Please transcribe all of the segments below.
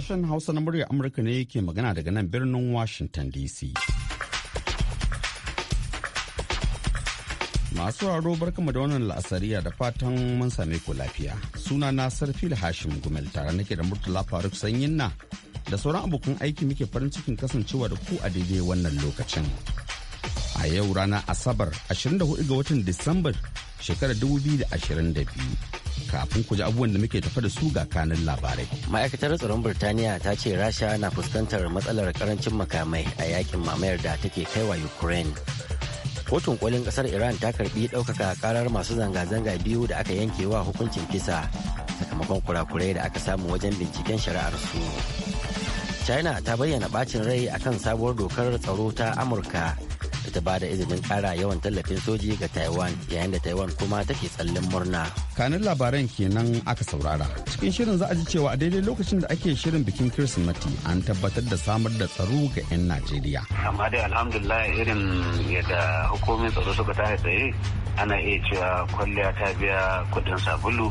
Sashen Hausa na murya Amurka ne yake magana daga nan birnin Washington DC. Masu raro barkama da wannan la'asariya da fatan mun same ku lafiya. Suna na Sarfil Hashim Gumel tare nake da Murtala Faruk Sanyin na da sauran abokan aiki muke farin cikin kasancewa da ku a daidai wannan lokacin. A yau rana Asabar 24 ga watan Disambar shekarar 2022. kafin ku ji abubuwan da muke tafa da su ga kanin labarai. Ma'aikatar tsaron Birtaniya ta ce Rasha na fuskantar matsalar karancin makamai a yakin mamayar da take kaiwa Ukraine. Kotun kolin kasar Iran ta karbi ɗaukaka karar masu zanga-zanga biyu da aka yanke wa hukuncin kisa sakamakon kurakurai da aka samu wajen binciken shari'ar su. China ta bayyana bacin rai akan sabuwar dokar tsaro ta Amurka da ta bada izinin kara yawan tallafin soji ga taiwan yayin da taiwan kuma take tsallin murna kanin labaran kenan aka saurara cikin shirin za a ji cewa a daidai lokacin da ake shirin bikin kirsimati an tabbatar da samar da tsaro ga 'yan najeriya amma dai alhamdulillah irin yadda hukumar tsaro suka ta tsaye ana iya cewa kwalliya ta biya kudin sabulu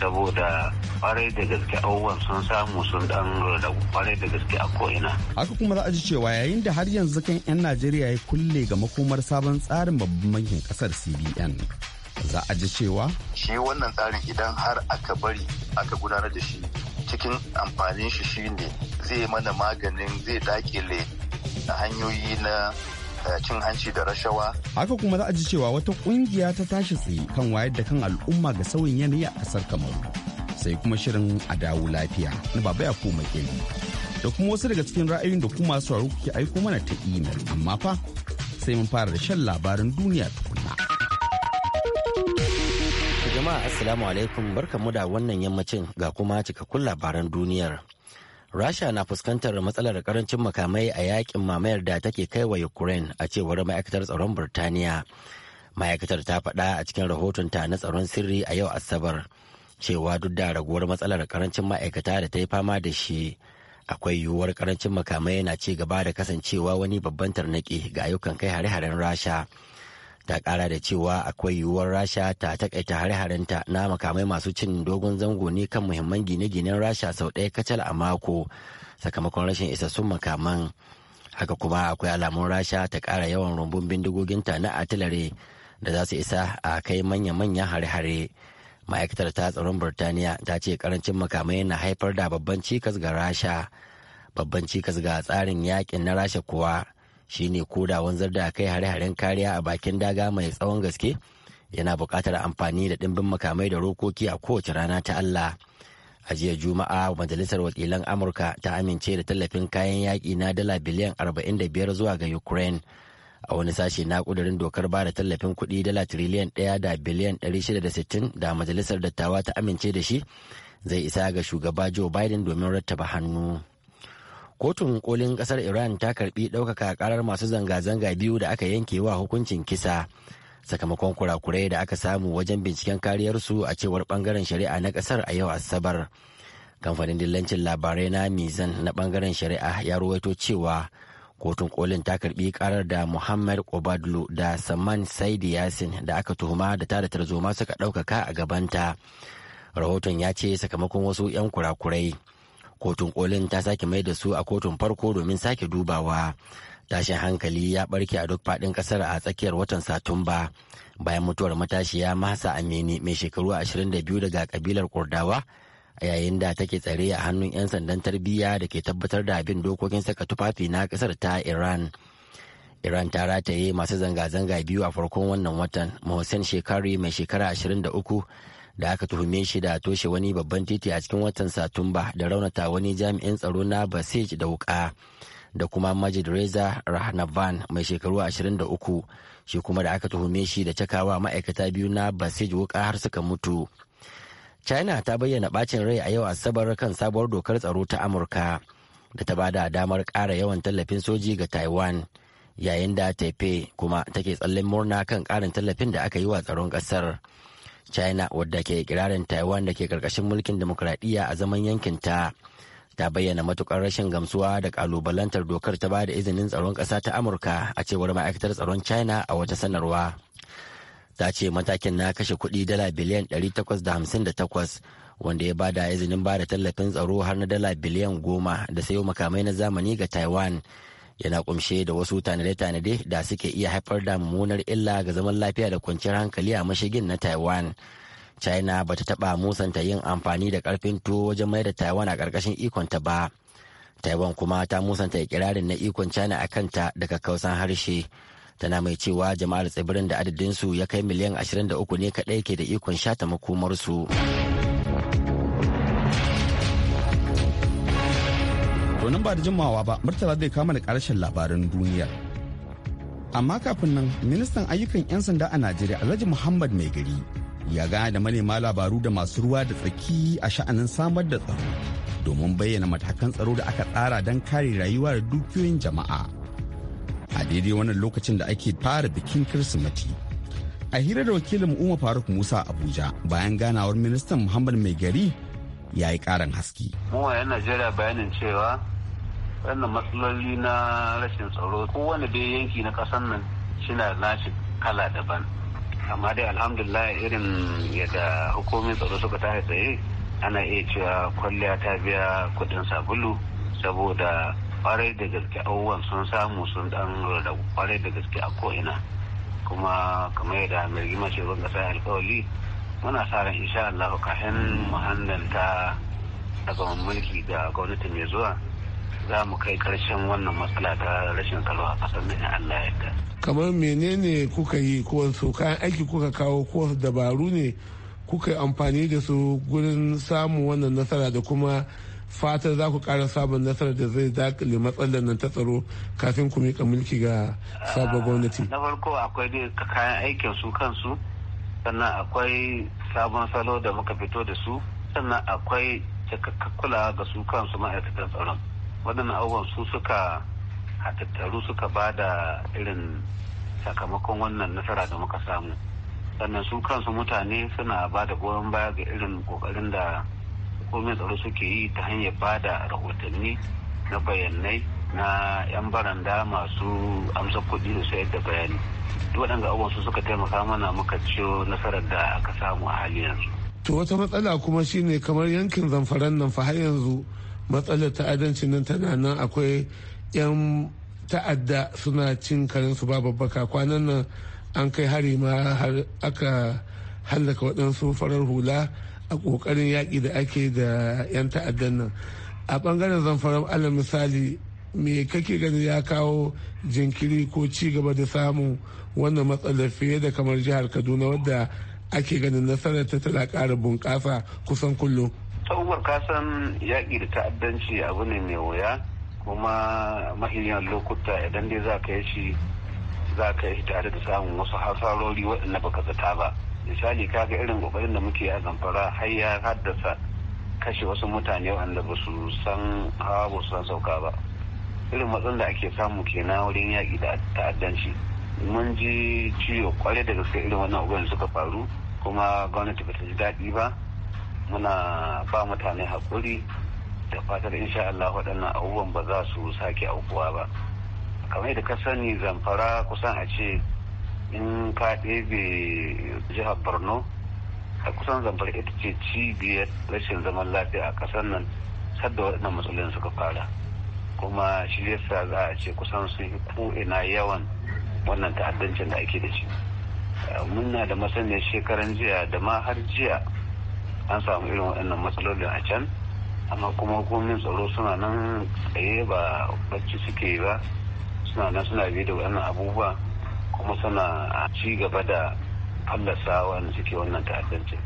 saboda kwarai da gaske abubuwan sun samu sun dan da kwarai da gaske a ko'ina. Haka kuma za a ji cewa yayin da har yanzu kan 'yan Najeriya ya kulle ga makomar sabon tsarin babban bankin kasar CBN. Za a ji cewa? Shi wannan tsarin idan har aka bari aka gudanar da shi cikin amfanin shi ne zai mana maganin zai dakile hanyoyi na cin hanci da rashawa. Haka kuma za a ji cewa wata kungiya ta tashi tsaye kan wayar da kan al'umma ga sauyin yanayi a ƙasar Kamaru. Sai kuma shirin a dawo lafiya na baba ya koma gani. Da kuma wasu daga cikin ra'ayoyin da kuma masu sauraro kuke aiko mana ta imel amma fa sai mun fara da shan labarin duniya tukuna. Jama'a Assalamu alaikum barkamu da wannan yammacin ga kuma cikakkun labaran duniyar. Rasha na fuskantar matsalar karancin makamai a yakin mamayar da take kai wa Ukraine a cewar ma'aikatar tsaron Burtaniya. Ma'aikatar ta faɗa a cikin rahotonta na tsaron sirri a yau Asabar cewa duk da raguwar matsalar karancin ma'aikata da ta yi fama da shi akwai yiwuwar karancin makamai na ci gaba da kasancewa wani babban tarnaƙi ga ayyukan kai hare-haren Rasha. ta kara da cewa akwai yiwuwar rasha ta takaita hare harinta na makamai masu cin dogon zango ne kan muhimman gine-ginen rasha sau ɗaya kacal a mako sakamakon rashin isassun makaman haka kuma akwai alamun rasha ta kara yawan rumbun bindigoginta na atilare da za su isa a kai manya-manyan hare-hare ma'aikatar ta tsaron Birtaniya ta ce karancin makamai na haifar da babban cikas ga rasha babban cikas ga tsarin yakin na rasha kuwa shine koda wanzar da kai hare-haren kariya a bakin daga mai tsawon gaske yana buƙatar amfani da ɗimbin makamai da rokoki a kowace rana ta Allah. A jiya Juma'a Majalisar Wakilan Amurka ta amince da tallafin kayan yaƙi na dala biliyan 45 zuwa ga Ukraine. A wani sashe na ƙudurin dokar ba da tallafin kuɗi dala tiriliyan 1 da biliyan 660 da Majalisar Dattawa ta amince da shi zai isa ga shugaba Joe Biden domin rattaba hannu. kotun kolin kasar iran ta karbi ɗaukaka karar masu zanga-zanga biyu da aka yanke wa hukuncin kisa sakamakon kurakurai da aka samu wajen binciken kariyarsu a cewar bangaren shari'a na kasar a yau asabar kamfanin dillancin labarai na mizan na bangaren shari'a ya ruwaito cewa kotun kolin ta karbi karar da muhammad obadlu da saman saidi yasin da aka tuhuma da tada tarzoma suka ɗaukaka a gabanta rahoton ya ce sakamakon wasu 'yan kurakurai kotun kolin ta sake mai da su a kotun farko domin sake dubawa tashin hankali ya barke a duk faɗin ƙasar a tsakiyar watan satumba bayan mutuwar matashiya masa amini mai shekaru 22 daga kabilar kurdawa a yayin da take tsare a hannun 'yan sandan tarbiyya da ke tabbatar da abin dokokin saka tufafi na kasar ta iran iran ta rataye masu zanga-zanga biyu a farkon wannan watan mohsen Shekaru mai shekara 23 da aka tuhume shi da toshe wani babban titi a cikin watan satumba da raunata wani jami'in tsaro na basij da wuka da kuma majid reza rahnavan mai shekaru 23 shi kuma da aka tuhume shi da cakawa ma'aikata biyu na basij wuka har suka mutu china ta bayyana bacin rai a yau asabar kan sabuwar dokar tsaro ta amurka da ta bada damar ƙara yawan tallafin soji ga taiwan yayin da taipei kuma take tsallin murna kan ƙarin tallafin da aka yi wa tsaron ƙasar. china wadda ke kirarin taiwan da ke karkashin mulkin demokuraɗiyya a zaman yankinta ta bayyana matukar rashin gamsuwa da kalubalantar dokar ta bada izinin tsaron ƙasa ta amurka a cewar ma'aikatar tsaron china a wata sanarwa ta ce matakin na kashe kuɗi dala biliyan 858 wanda ya bada izinin bada tallafin tsaro har na dala biliyan 10 da sayo makamai na zamani ga taiwan yana kumshe da wasu tanade-tanade da suke iya haifar da mummunar illa ga zaman lafiya da kwanciyar hankali a mashigin na taiwan china ba ta taba musanta yin amfani da karfin tuwo wajen mai da taiwan a karkashin ikonta ba taiwan kuma ta musanta kirarin na ikon china a kanta daga kausan harshe tana mai cewa jama'ar tsibirin da adadinsu ya kai miliyan 23 ne kaɗai ke da ikon shata makomarsu. To nan ba da jimawa ba, Murtala zai kama da ƙarshen labaran duniya. Amma kafin nan, ministan ayyukan 'yan sanda a Najeriya Alhaji Muhammad Mai gari ya gana da manema labaru da masu ruwa da tsaki a sha'anin samar da tsaro domin bayyana matakan tsaro da aka tsara don kare rayuwa da dukiyoyin jama'a. A daidai wannan lokacin da ake fara bikin Kirsimeti. A hira da wakilin Umar Faruk Musa Abuja bayan ganawar ministan Muhammad Mai gari ya yi karan haske. Mu wa 'yan Najeriya bayanin cewa wannan matsaloli na rashin tsaro kowane dai yanki na kasan nan shina nashi kala daban amma dai alhamdulillah irin yadda hukumin tsaro suka tashi tsaye ana iya cewa kwalliya ta biya kudin sabulu saboda kwarai da gaske abubuwan sun samu sun dan da kwarai da gaske a ko'ina kuma kamar yadda mai rigima ce ban kasa alkawali muna sa ran insha Allah kafin muhannan ta daga mulki da gwamnati mai zuwa za mu kai karshen wannan matsala ta rashin salwa a kasar nan Allah ya ta. Kamar menene kuka yi ko su kayan aiki kuka kawo ko dabaru ne kuka yi amfani da su gurin samun wannan nasara da kuma fatan za ku kara sabon nasarar da zai dakile matsalar nan ta tsaro kafin ku miƙa mulki ga sabon gwamnati. Na farko akwai kayan aikin su kansu sannan akwai sabon salo da muka fito da su sannan akwai cikakken ga su kansu ma'aikatan tsaron. waɗannan abubuwan su suka hatattaru suka ba da irin sakamakon wannan nasara da muka samu sannan su kansu mutane suna ba da goyon baya ga irin kokarin da hukumin tsaro suke yi ta hanyar ba da rahotanni na bayanai na 'yan baranda masu amsa kuɗi da sayar da bayani duk waɗanda abubuwan su suka taimaka mana muka ciyo nasarar da aka samu a halin yanzu to wata matsala kuma shine kamar yankin zamfaran nan fa har yanzu matsalar ta'addancin nan tana nan akwai 'yan ta'adda suna cin karensu ba babbaka kwanan nan an kai hari ma aka hallaka waɗansu farar hula a ƙoƙarin yaƙi da ake da 'yan ta'addan nan a ɓangaren zamfara ala misali me kake ganin ya kawo jinkiri ko ci gaba da samun wannan matsalar fiye da kamar jihar kaduna wadda ake ganin nasarar ta tana ƙara bunƙasa kusan kullum tsawon kasan yaƙi da ta'addanci abu ne mai wuya kuma mahimman lokuta idan dai za ka yi shi za ka yi tare da samun wasu hasarori waɗanda baka zata ba misali kaga irin ƙoƙarin da muke a zamfara har ya haddasa kashe wasu mutane waɗanda ba su san hawa ba su san sauka ba irin matsin da ake samu kenan wurin yaƙi da ta'addanci mun ji ciwo kwarai da gaske irin wannan abubuwan suka faru kuma gwamnati ba ta ji daɗi ba muna ba mutane haƙuri da fatar insha Allah waɗannan abubuwan ba za su sake aukuwa ba kamar da ka sani zamfara kusan a ce in ka ɗebe jihar borno a kusan zamfara ita ce cibiyar rashin zaman lafiya a ƙasar nan sadda waɗannan matsalolin suka fara kuma shi yasa za a ce kusan su yi ko'ina yawan wannan ta'addancin da ake da shi muna da masaniyar shekaran jiya da ma har jiya an samu irin waɗannan matsalolin a can amma kuma hukumomin tsaro suna nan tsaye ba bacci suke ba suna nan suna da wannan abubuwa kuma suna ci gaba da fallasa wanda suke wannan ta'addancin.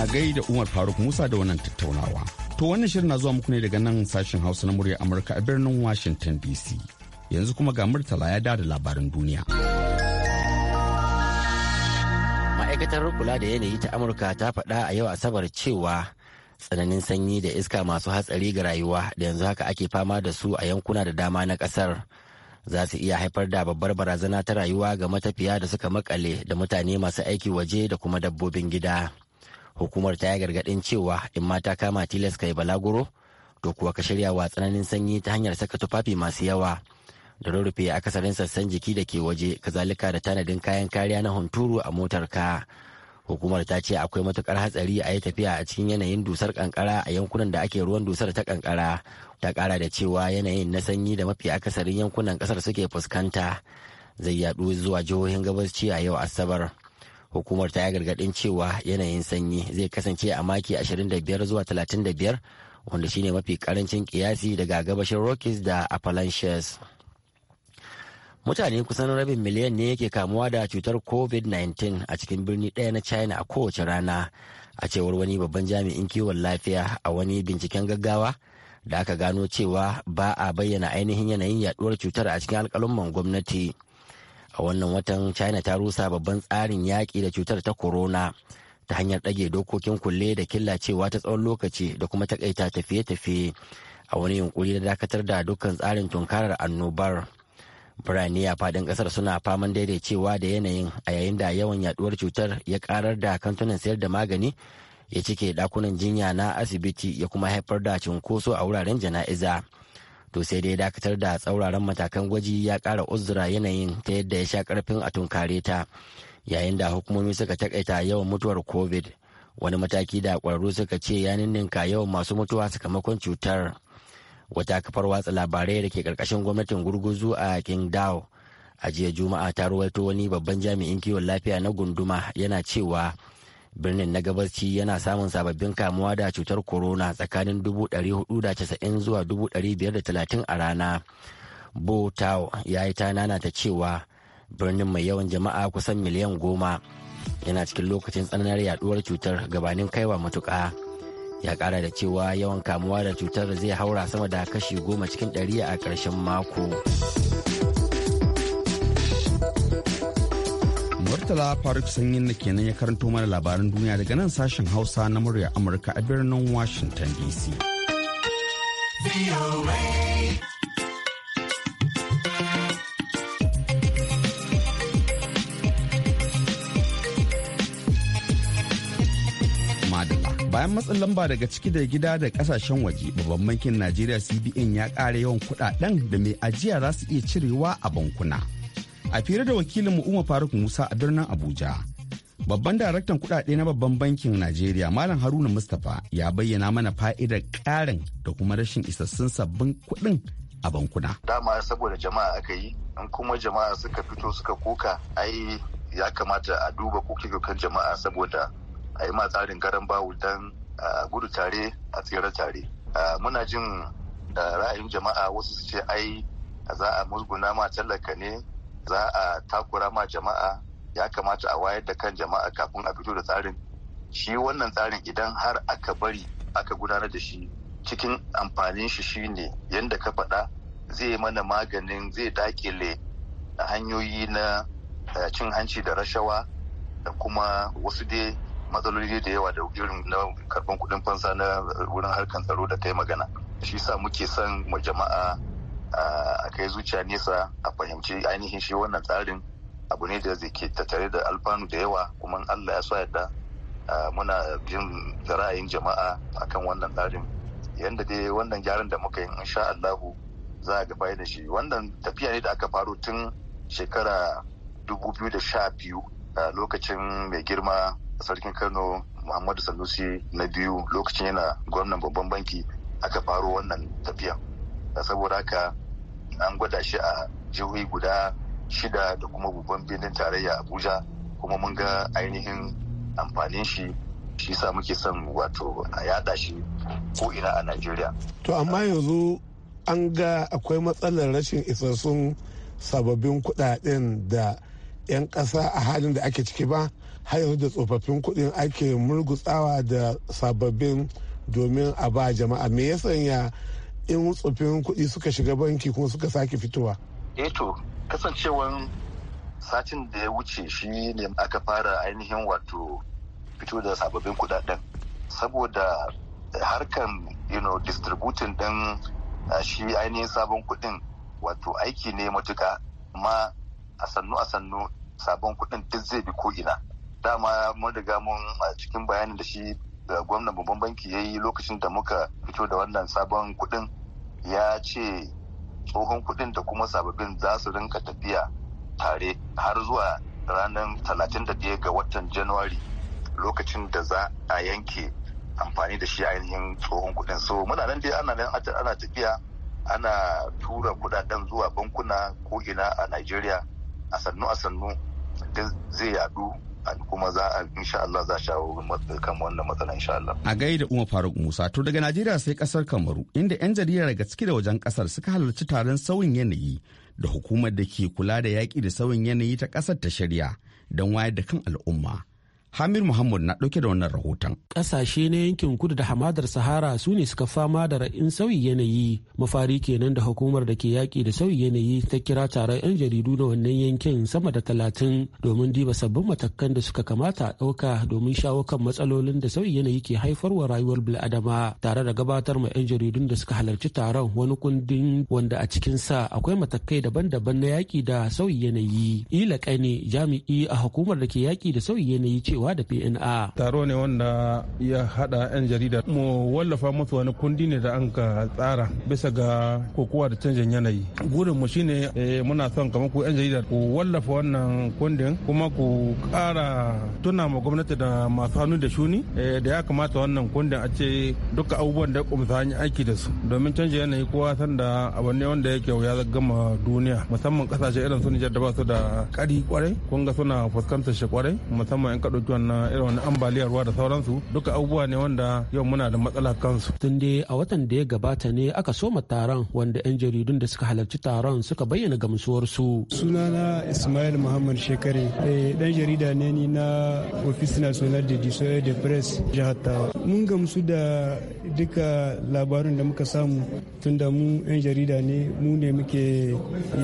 a gaida umar faruk musa da wannan tattaunawa to wannan shirin na zuwa muku ne daga nan sashen hausa na murya amurka a birnin washington dc yanzu kuma ga murtala ya da labaran duniya. ma'aikatar kula da yanayi ta amurka ta faɗa a yau asabar cewa tsananin sanyi da iska masu hatsari ga rayuwa da yanzu haka ake fama da su a yankuna da dama na ƙasar za su iya haifar da babbar barazana ta rayuwa ga matafiya da suka makale da mutane masu aiki waje da kuma dabbobin gida hukumar ta yi gargaɗin cewa in mata kama tilas kai balaguro to kuwa ka shirya wa tsananin sanyi ta hanyar saka tufafi masu yawa da rurrufe akasarin sassan jiki da ke waje kazalika da tanadin kayan kariya na hunturu a motar ka hukumar ta ce akwai matukar hatsari a yi tafiya a cikin yanayin dusar kankara a yankunan da ake ruwan dusar ta kankara ta kara da cewa yanayin na sanyi da mafi akasarin yankunan kasar suke fuskanta zai yadu zuwa jihohin gabasci a yau asabar hukumar ta yi gargadin cewa yanayin sanyi zai kasance a maki 25 zuwa 35 wanda shine mafi karancin kiyasi daga gabashin rockies da appalachians mutane kusan rabin miliyan ne yake kamuwa da cutar covid-19 a cikin birni ɗaya na china a kowace rana a cewar wani babban jami'in kiwon lafiya a wani binciken gaggawa da aka gano cewa ba a bayyana ainihin yanayin yaduwar cutar a cikin alkalumman gwamnati a wannan watan china ta rusa babban tsarin yaƙi da cutar ta corona ta hanyar ɗage dokokin kulle da killacewa ta tsawon lokaci da kuma takaita tafiye-tafiye a wani yunkuri na dakatar da dukkan tsarin tunkarar annobar birane a faɗin ƙasar suna faman daidaicewa da yanayin a yayin da yawan yaduwar cutar ya karar da kantunan sayar da magani ya cike dakunan jinya na asibiti ya kuma haifar da cunkoso a wuraren jana'iza to sai dai dakatar da tsauraran matakan gwaji ya kara uzura yanayin ta yadda ya sha karfin a tunkare ta yayin da hukumomi suka takaita yawan mutuwar covid wani mataki da ƙwararru suka ce ya ninninka yawan masu mutuwa sakamakon cutar wata kafar watsa labarai da ke karkashin gwamnatin gurguzu a qingdao a jiya juma'a ta ruwaito wani babban jami'in kiwon lafiya na gunduma yana cewa birnin na gabaci yana samun sababbin kamuwa da cutar corona tsakanin 490 zuwa 530 a rana bo tao ya yi ta cewa birnin mai yawan jama'a kusan miliyan goma yana cikin lokacin tsananar yaduwar cutar gabanin kaiwa matuka. ya kara da cewa yawan kamuwa da cutar zai haura sama da kashi goma cikin ɗari a ƙarshen mako. Murtala Faruk Sanyin da kenan ya karanto mana labaran duniya daga nan sashen Hausa na murya Amurka a birnin Washington DC. bayan matsin lamba daga ciki da gida da kasashen waje babban bankin najeriya cbn ya kara yawan kudaden da mai ajiya za su iya cirewa a bankuna a fira da wakilin mu umar faruk musa a birnin abuja babban daraktan kudade na babban bankin najeriya malam haruna mustapha ya bayyana mana fa'idar karin da kuma rashin isassun sabbin kuɗin a bankuna dama saboda jama'a aka yi in kuma jama'a suka fito suka koka ai ya kamata a duba koke jama'a saboda a yi ma tsarin garan dan don gudu tare a tsere tare muna jin ra'ayin jama'a wasu su ce ai za a musguna ma tallaka ne za a takura ma jama'a ya kamata a wayar da kan jama'a kafin a fito da tsarin shi wannan tsarin idan har aka bari aka gudanar da shi cikin amfanin shi shine yadda ka faɗa zai mana maganin zai dakile hanyoyi na cin hanci da rashawa da kuma wasu dai matsaloli da yawa da irin na karban kuɗin fansa na wurin harkar tsaro da ta yi magana shi sa muke son mu jama'a a kai zuciya nesa a fahimci ainihin shi wannan tsarin abu ne da zai ke tattare da alfanu da yawa kuma Allah ya sa yadda muna jin ra'ayin jama'a akan wannan tsarin yadda dai wannan gyaran da muka yi insha Allahu za a gaba da shi wannan tafiya ne da aka faro tun shekara da 2012 lokacin mai girma sarkin kano muhammadu sanusi na biyu lokacin yana gwamnan babban banki aka faro wannan tafiya saboda haka an gwada shi a jihohi guda shida da kuma babban birnin tarayya abuja kuma mun ga ainihin amfanin shi shi sa muke son wato a yada shi ko ina a najeriya to amma yanzu an ga akwai matsalar rashin isassun sababbin kudaden da 'yan kasa a halin da ake ciki ba har yanzu da tsofaffin kuɗin ake murgutsawa da sababbin domin a ba jama'a me ya sanya in tsofaffin kuɗi suka shiga banki kuma suka sake fitowa eto eh kasancewan satin da ya wuce shi ne aka fara ainihin wato fito da sababbin kuɗaɗen saboda harkan you know distributing din shi ainihin sabon kudin wato aiki ne matuka ma a sannu a sannu sabon kuɗin duk zai bi ko ina dama mun riga mun a cikin bayanin da shi da gwamnan babban banki ya yi lokacin da muka fito da wannan sabon kuɗin ya ce tsohon kuɗin da kuma sababbin za su rinka tafiya tare har zuwa ranar 31 ga watan januwari lokacin da za a yanke amfani da shi ainihin tsohon kuɗin so muna nan dai ana nan ana tafiya ana tura kuɗaɗen zuwa bankuna ko ina a nigeria a sannu a sannu zai yaɗu. kuma za a insha Allah za a shawo kan wannan matsala insha Allah. A gaida Umar Faruk Musa to daga Najeriya sai kasar Kamaru inda 'yan jarida daga ciki da wajen kasar suka halarci taron sauyin yanayi da hukumar da ke kula da yaƙi da sauyin yanayi ta kasar ta shirya don wayar da kan al'umma. Hamir Muhammad na ɗauke da wannan rahoton. Ƙasashe na yankin kudu da hamadar Sahara su ne suka fama da ra'in sauyi yanayi. Mafari kenan da hukumar da ke yaƙi da sauyi yanayi ta kira taron 'yan jaridu na wannan yankin sama da talatin domin diba sabbin matakan da suka kamata a ɗauka domin shawo kan matsalolin da sauyi yanayi ke haifarwa rayuwar bil'adama tare da gabatar ma 'yan jaridun da suka halarci taron wani kundin wanda a cikinsa akwai matakai daban-daban na yaƙi da sauyi yanayi. Ila ne jami'i a hukumar da ke yaƙi da sauyi yanayi cewa sadarwa da PNA. Taro ne wanda ya hada 'yan jarida mu wallafa musu wani kundi ne da an ka tsara bisa ga kokowa da canjin yanayi. Gurin mu shine eh, muna son kamar ku 'yan jarida ku wallafa wannan kundin kuma ku kara tuna ma gwamnati da masu hannu da shuni eh, da ya kamata wannan kundin a ce duka abubuwan da kumsa an yi aiki da su domin canjin yanayi kowa san da abu ne wanda yake ya gama duniya musamman kasashe irin su Nijar da ba su da kari kwarai kun ga suna fuskantar shi kwarai musamman 'yan kaɗauki wannan irin ambaliyar ruwa da sauransu duka abubuwa ne wanda yau muna da matsala kansu tun dai a watan da ya gabata ne aka soma taron wanda yan jaridun da suka halarci taron suka bayyana gamsuwarsu sunana ismail muhammad shekare eh, dan jarida ne ni na ofis national de disoye de press jihar tawa mun gamsu da duka labarin da muka samu tun da mu yan jarida ne mu ne muke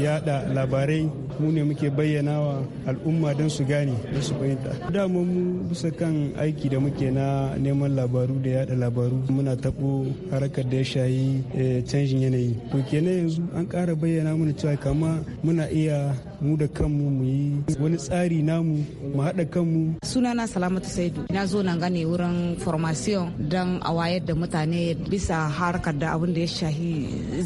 yada labarai mu ne muke bayyanawa al'umma don su gane don su fahimta dama mu bisa kan aiki da muke na neman labaru da yada labaru muna taɓo harkar da ya shayi eh, canjin yanayi to kenan yanzu an ƙara bayyana mana cewa kama muna iya mu da kanmu mu yi wani tsari namu mu haɗa kanmu. Sunana Salamatu Saidu na zo nan gane wurin formation don a wayar da mutane bisa harkar da abin da ya shahi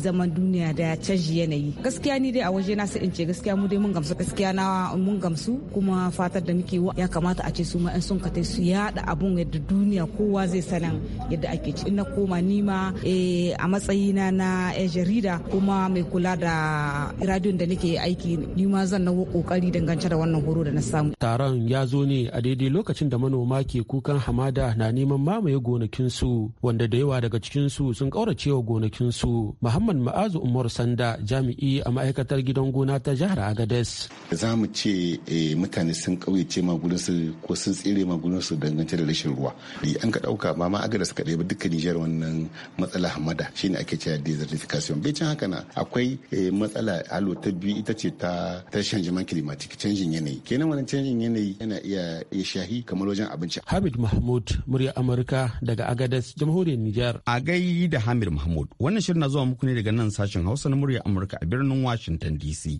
zaman duniya da canji yanayi. Gaskiya ni dai a waje na sai in ce gaskiya mu dai mun gamsu gaskiya na mun gamsu kuma fatar da muke ya kamata a ce su ma 'yan sun ka su yaɗa abun yadda duniya kowa zai sanan yadda ake ci. Na koma nima eh, a matsayina na jarida kuma mai kula da radiyon da nake aiki nima zan nawo kokari dangance da wannan horo da na samu taron ya zo ne a daidai lokacin da manoma ke kukan hamada na neman mamaye gonakinsu wanda da yawa daga cikinsu sun kaurace wa gonakinsu muhammad ma'azu umar sanda jami'i a ma'aikatar gidan gona ta jihar agades za mu ce eh, mutane sun kauyace ma su ko sun tsere ma su dangance da rashin ruwa eh, an ka dauka ma ma agades ka ɗaya ba dukkan nijar wannan matsala hamada shine ake cewa desertification bai can haka na akwai eh, matsala alo ta biyu ita ce ta tashin jiman climatic canjin yanayi kenan wani canjin yanayi yana iya ya shahi kamar wajen abinci hamid mahmud murya amurka daga agadas jamhuriyar nijar a gai da hamid mahmud wannan shirin na zuwa muku ne daga nan sashen hausa na murya amurka a birnin washington dc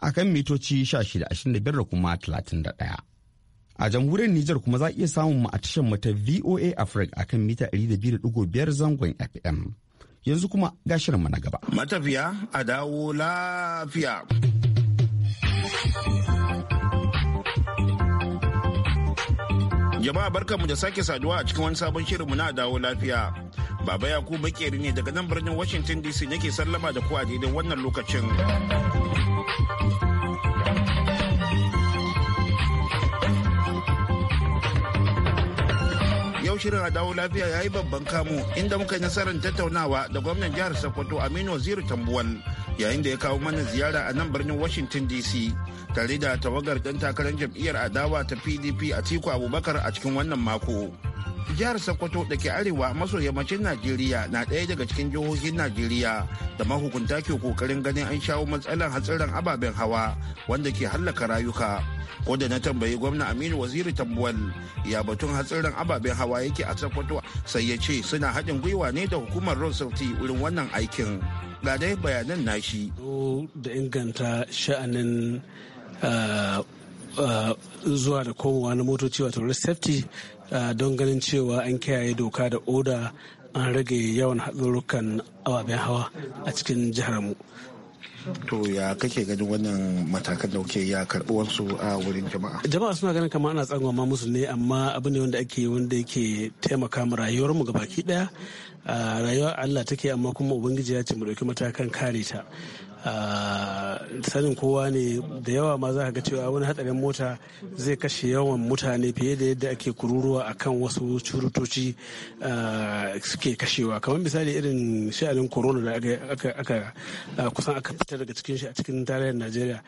a kan mitoci 1625 da kuma 31 a jamhuriyar Nijar kuma za a iya samun mu a tashar mu ta VOA Africa kan mita 200.5 zangon FM. Yanzu kuma gashirin mu na gaba. Matafiya a dawo lafiya. Jama'a barkanmu da sake saduwa a cikin wani sabon shirinmu na dawo lafiya. Baba Yakubu makeri ne daga nan birnin Washington DC nake sallama da ku a daidai wannan lokacin. Yau shirin a dawo lafiya ya yi babban kamu inda muka yi nasarar tattaunawa da gwamnan jihar Sokoto Aminu waziri Tambuwal yayin da ya kawo mana ziyara a nan birnin washington dc tare da tawagar dan takarar jam'iyyar adawa ta pdp a tiku abubakar a cikin wannan mako jihar sokoto da ke arewa maso yammacin najeriya na ɗaya daga cikin jihohin najeriya da mahukunta ke kokarin ganin an shawo matsalar hatsarin ababen hawa wanda ke hallaka rayuka ko da na tambayi gwamna aminu waziri tambuwal ya batun hatsarin ababen hawa yake a sokoto sai ya ce suna haɗin gwiwa ne da hukumar road wurin wannan aikin ga dai bayanan nashi da inganta sha'anin ah, ah, zuwa da komowa na motoci wato road safety Ah, don ganin cewa an kiyaye doka da oda an rage yawan hatsarurrukan ababen hawa a cikin jihar mu. to ya kake ganin wannan matakan da kuke ya karɓuwarsu a wurin jama'a jama'a suna ganin kama ana ma musu ne amma abu ne wanda ake wanda yake taimaka mu rayuwar mu gabaki daya ah, rayuwar Allah take amma kuma ubangiji ya ce mu ɗauki matakan kare ta sanin kowa ne da yawa ma za ka ga cewa wani hatsarin mota zai kashe yawan mutane fiye da yadda ake kururuwa a kan wasu curutoci suke kashewa kamar misali irin sha'anin corona da aka kusan aka fita daga cikin shi a cikin tarayyar najeriya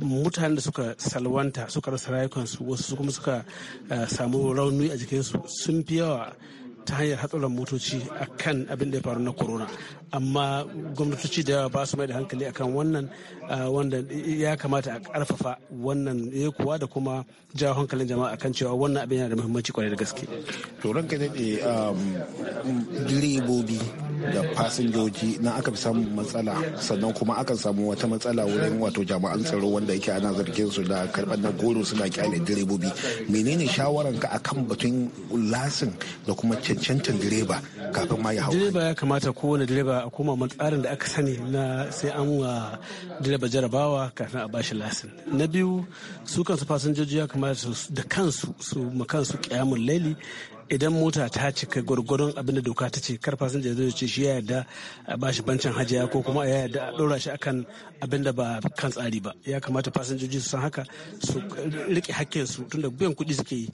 mutanen da suka salwanta suka rasa rayukansu wasu kuma suka samu rauni a jikinsu sun fi yawa ta hanyar hatsarin motoci a kan abin da ya faru na corona amma gwamnatoci da yawa ba su mai da hankali kan wannan wanda ya kamata a karfafa wannan ya eh, kuwa da kuma jawo hankalin jama'a kan cewa wannan abin yana da muhimmanci kwarai da gaske turan ka daɗe um, direbobi da fasinjoji na aka fi samun matsala sannan kuma aka samu wata matsala wurin wato jama'an tsaro wanda yake ana zargin su da karɓar na goro suna kyale direbobi menene ka akan batun lasin da kuma cin cancan direba kafin ma ya hau direba ya kamata kowane direba a koma man tsarin da aka sani na sai an wa direba jarabawa kafin a bashi lasin na biyu su kansu fasinjoji ya kamata da kansu su makansu kyamun laili idan mota ta cika gwargwadon abinda doka ta ce kar fasinja zai ce shi ya yarda a ba shi bancin hajiya ko kuma ya yarda a ɗora shi akan abinda ba kan tsari ba ya kamata fasinjoji su san haka su rike hakkin su tunda biyan kuɗi suke yi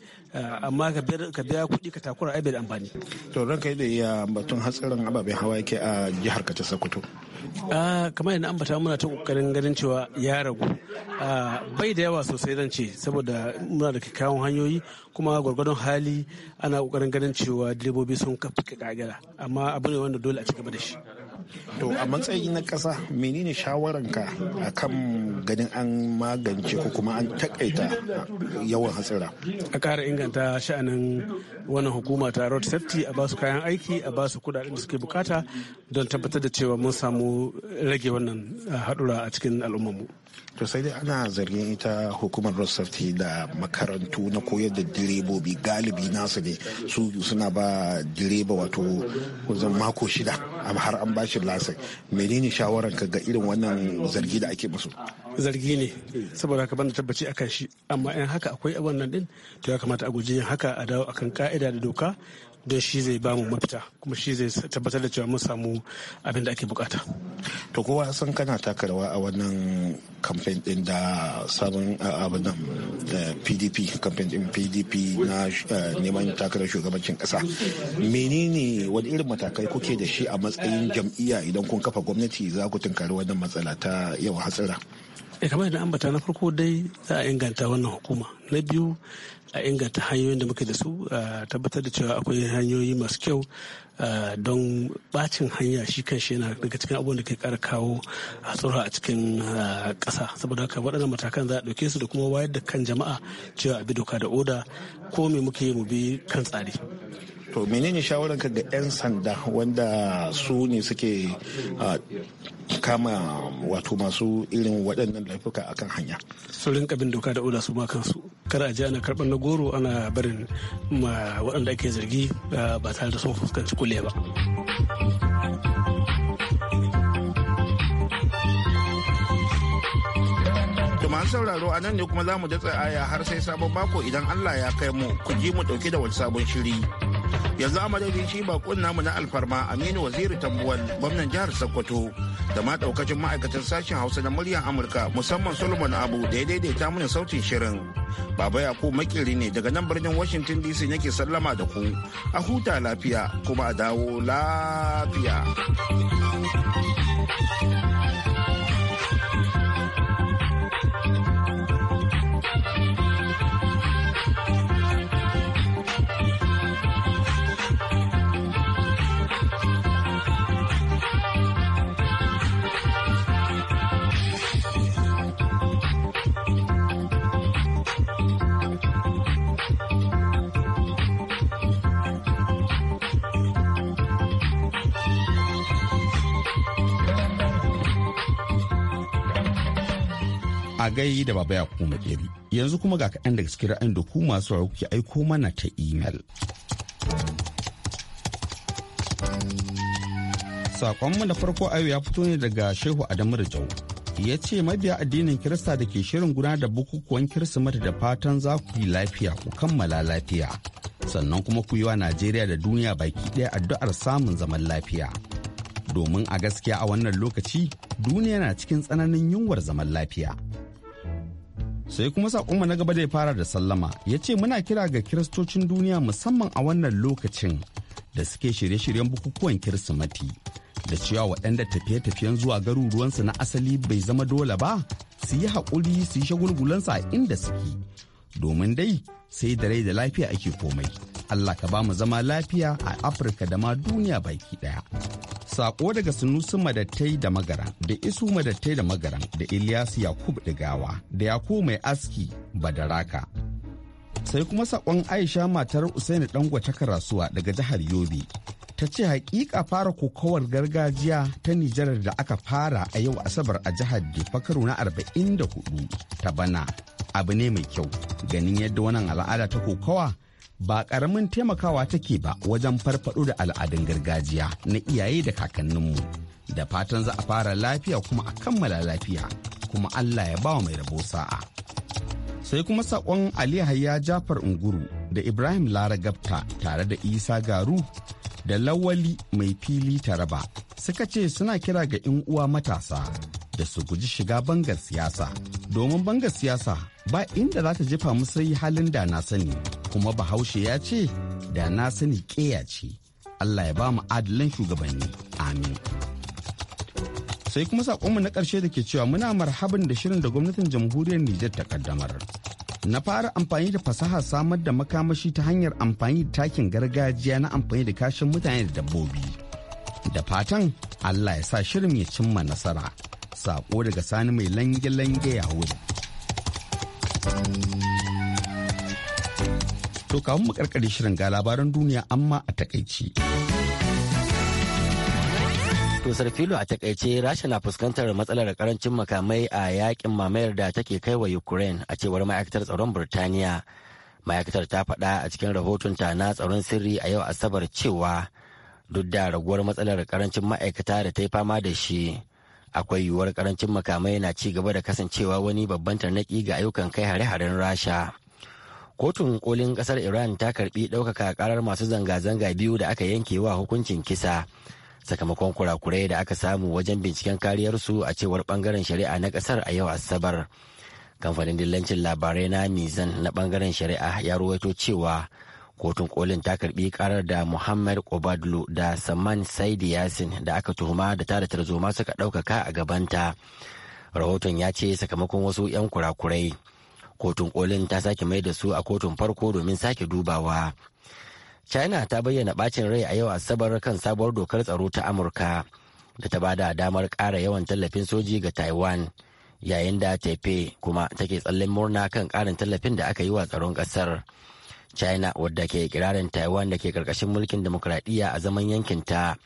amma ka biya kuɗi ka takura ai bai da amfani. to ranka da iya batun hatsarin ababen hawa yake a jihar ka ta sokoto. Ah, kamar yadda ambata muna ta kokarin ganin cewa ya ragu ah, bai da yawa sosai zan ce saboda muna da kyakkyawan hanyoyi kuma gwargwadon hali ana kokarin ganin cewa direbobi sun kafa gara amma abu ne wanda dole a ci gaba da shi to a matsayi na ƙasa menene shawaranka a kan ganin an magance ko kuma an takaita yawan hatsira a ƙara inganta sha'anin wannan hukuma ta road safety a basu kayan aiki a basu kudaden da suke bukata don tabbatar da cewa mun samu rage wannan eh, haɗura a cikin al'ummarmu. mu to sai dai ana zargin ita hukumar rosafti da makarantu na koyar da direbobi galibi nasu ne su suna ba direba wato kuzan mako shida har an bashi lasai menene shawaran ka ga irin wannan zargi da ake musu zargi ne saboda ka banda tabbaci akan shi amma in haka akwai wannan din to ya kamata a guji yin haka a dawo akan ka'ida da doka don shi zai ba mu mafita kuma shi zai tabbatar da cewa mun samu abin da ake bukata. To kowa ya san kana taka rawa a wannan kamfen din da sabon abin nan da PDP kamfen din PDP na eh, neman takarar shugabancin kasa. Menene wani irin matakai kuke da shi a matsayin jam'iyya idan kun kafa gwamnati za ku tunkari wannan matsala ta yawan hatsira? Eh, kamar da ambata na farko dai za a inganta wannan hukuma na biyu a inganta hanyoyin da muke da su a tabbatar da cewa akwai hanyoyi masu kyau don bacin hanya shi kan shi yana daga cikin abubuwan da ke kara kawo a tsoro a cikin ƙasa saboda haka waɗannan matakan za a ɗauke su da kuma wayar da kan jama'a cewa a bi doka da oda ko me muke mu bi kan tsari to menene shawararka ga 'yan sanda wanda su ne suke kama wato masu irin waɗannan laifuka akan hanya su rinka doka da oda su ma kansu kada a je ana karɓar na goro ana barin ma waɗanda ake zargi ah, ba tare da sun fuskanci kulle ba. masu sauraro a nan ne kuma za mu datsa aya har sai sabon mako idan Allah ya kai mu ku ji mu dauke da wani sabon shiri. yanzu a shi bakon namu na alfarma aminu waziri tambuwal gwamnan jihar sokoto da ma daukacin ma'aikatan sashen hausa na muryar amurka musamman solomon abu da ya daidaita mana sautin shirin baba yakubu makiri ne daga nan birnin washington dc nake sallama da ku a huta lafiya kuma a dawo lafiya gai da baba ya koma kiri. Yanzu kuma ga kaɗan daga cikin ra'ayin da ku masu sauraro kuke aiko mana ta imel. Sakonmu na farko ayo ya fito ne daga Shehu Adamu Jau. Ya ce mabiya addinin Kirista da ke shirin guna da bukukuwan Kirsimeti da fatan za ku yi lafiya ku kammala lafiya. Sannan kuma ku yi wa Najeriya da duniya baki ɗaya addu'ar samun zaman lafiya. Domin a gaskiya a wannan lokaci duniya na cikin tsananin yunwar zaman lafiya. sai kuma saƙonmu na gaba da ya fara da sallama ya ce muna kira ga kiristocin duniya musamman a wannan lokacin da suke shirye-shiryen bukukuwan kirsimati da cewa waɗanda tafiye-tafiyen zuwa garuruwansu na asali bai zama dole ba su yi haƙuri su yi shagulgulansu a inda suke domin dai sai da rai da lafiya ake komai Allah ka ba mu zama lafiya a Afirka da ma duniya baki daya. Sako daga Sunusu Madattai da Magaran, da Isu Madattai da Magaran, da Ilyasu Yakub Digawa, da Yakubu Mai Aski Badaraka. Sai kuma sakon Aisha matar Usaini Dangwace Karasuwa daga jihar Yobe. Ta ce hakika fara kokowar gargajiya ta Nijar da aka fara a yau Asabar a jihar na arba'in da 44 ta bana abu ne mai kyau ganin yadda wannan al'ada ta kokawa ba ƙaramin taimakawa take ba wajen farfaɗo da al'adun gargajiya na iyaye da kakanninmu. Da fatan za a fara lafiya kuma a kammala lafiya kuma Allah ya bawa mai rabo sa'a. Sai kuma saƙon Ali Hayya Jafar Unguru da Ibrahim Lara Gabta tare da Isa Garu da Lawali mai fili Taraba suka ce suna kira ga 'yan uwa matasa da su guji shiga bangar siyasa domin bangar siyasa ba inda za ta jefa musu yi halin da na sani kuma bahaushe ya ce da na sani ƙeya ce allah ya ba mu adalin shugabanni amin sai kuma saƙonmu na ƙarshe da ke cewa muna marhaban da shirin da gwamnatin jamhuriyar nijar ta kaddamar na fara amfani da fasaha samar da makamashi ta hanyar amfani da takin gargajiya na amfani da kashin mutane da dabbobi da fatan allah ya sa shirin ya cimma nasara Sako daga sani mai lange-lange ya wuri. To kawun mu shirin ga labaran duniya amma a takaici. To filo a takaice Rasha na fuskantar matsalar karancin makamai a yakin mamayar da take kai wa Ukraine a cewar ma'aikatar tsaron Burtaniya. Ma'aikatar ta faɗa a cikin rahotonta na tsaron sirri a yau Asabar cewa duk da raguwar matsalar karancin ma'aikata da ta yi fama da shi. akwai yiwuwar karancin makamai na ci gaba da kasancewa wani babban tarnaki ga ayyukan kai hare-haren rasha kotun kolin kasar iran ta karbi ɗaukaka karar masu zanga-zanga biyu da aka yanke wa hukuncin kisa sakamakon kurakurai da aka samu wajen binciken kariyarsu a cewar bangaren shari'a na kasar a yau asabar kamfanin dillancin labarai na mizan na bangaren shari'a ya ruwaito cewa kotun kolin ta karbi karar da muhammad obadlu da saman saidi yasin da aka tuhuma da tara tarzoma suka daukaka a gabanta rahoton ya ce sakamakon wasu 'yan kurakurai kotun kolin ta sake mai da su a kotun farko domin sake dubawa china ta bayyana bacin rai a yau asabar kan sabuwar dokar tsaro ta amurka da ta bada damar kara yawan tallafin soji ga taiwan yayin da taipei kuma take tsallin murna kan karin tallafin da aka yi wa tsaron kasar. china wadda ke kirarin taiwan da ke karkashin mulkin demokuraɗiyya a zaman yankinta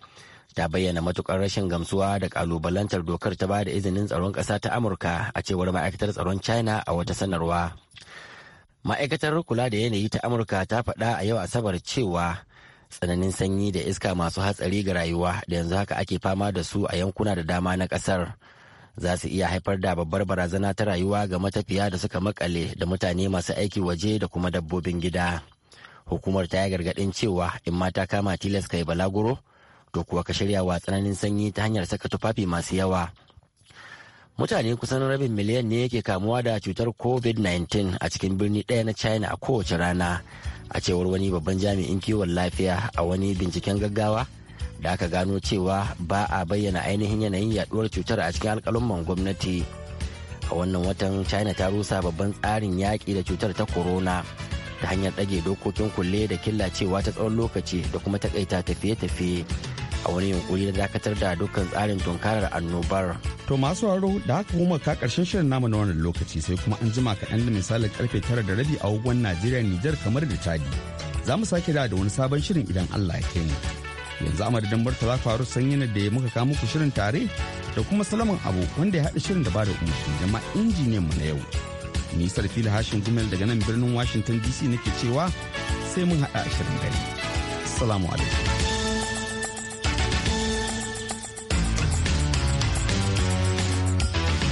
ta bayyana matukar rashin gamsuwa da kalubalantar dokar ta ba da izinin tsaron ƙasa ta amurka a cewar ma'aikatar tsaron china a wata sanarwa ma'aikatar kula da yanayi ta amurka ta faɗa a yau asabar cewa tsananin sanyi da iska masu hatsari ga rayuwa da yanzu haka ake fama da su a yankuna da dama na ƙasar za su iya haifar da babbar barazana ta rayuwa ga matafiya da suka makale da mutane masu aiki waje da kuma dabbobin gida hukumar ta yi gargaɗin cewa in mata kama tilas kai balaguro to kuwa ka shirya wa tsananin sanyi ta hanyar saka tufafi masu yawa mutane kusan rabin miliyan ne yake kamuwa da cutar covid-19 a cikin birni ɗaya na china a kowace rana a cewar wani babban jami'in kiwon lafiya a wani binciken gaggawa da aka gano cewa ba a bayyana ainihin yanayin yaduwar cutar a cikin alkalumman gwamnati a wannan watan china ta rusa babban tsarin yaƙi da cutar ta corona ta hanyar ɗage dokokin kulle da killacewa ta tsawon lokaci da kuma takaita tafiye-tafiye a wani yunkuri da dakatar da dukkan tsarin tunkarar annobar. To masu sauraro da haka kuma ka karshen shirin namu na wannan lokaci sai kuma an jima kaɗan da misalin karfe tara da rabi a wagon Najeriya Nijar kamar da Chadi. Za mu sake da wani sabon shirin idan Allah ya kai mu. yanzu amadadin madadin za faru sanyi da ya muka kawo muku shirin tare da kuma salaman abu wanda ya haɗa shirin da bada umarni da ma injiniyan mu na yau nisar fili hashin gumel daga nan birnin washington dc nake cewa sai mun haɗa a shirin dare salamu alaikum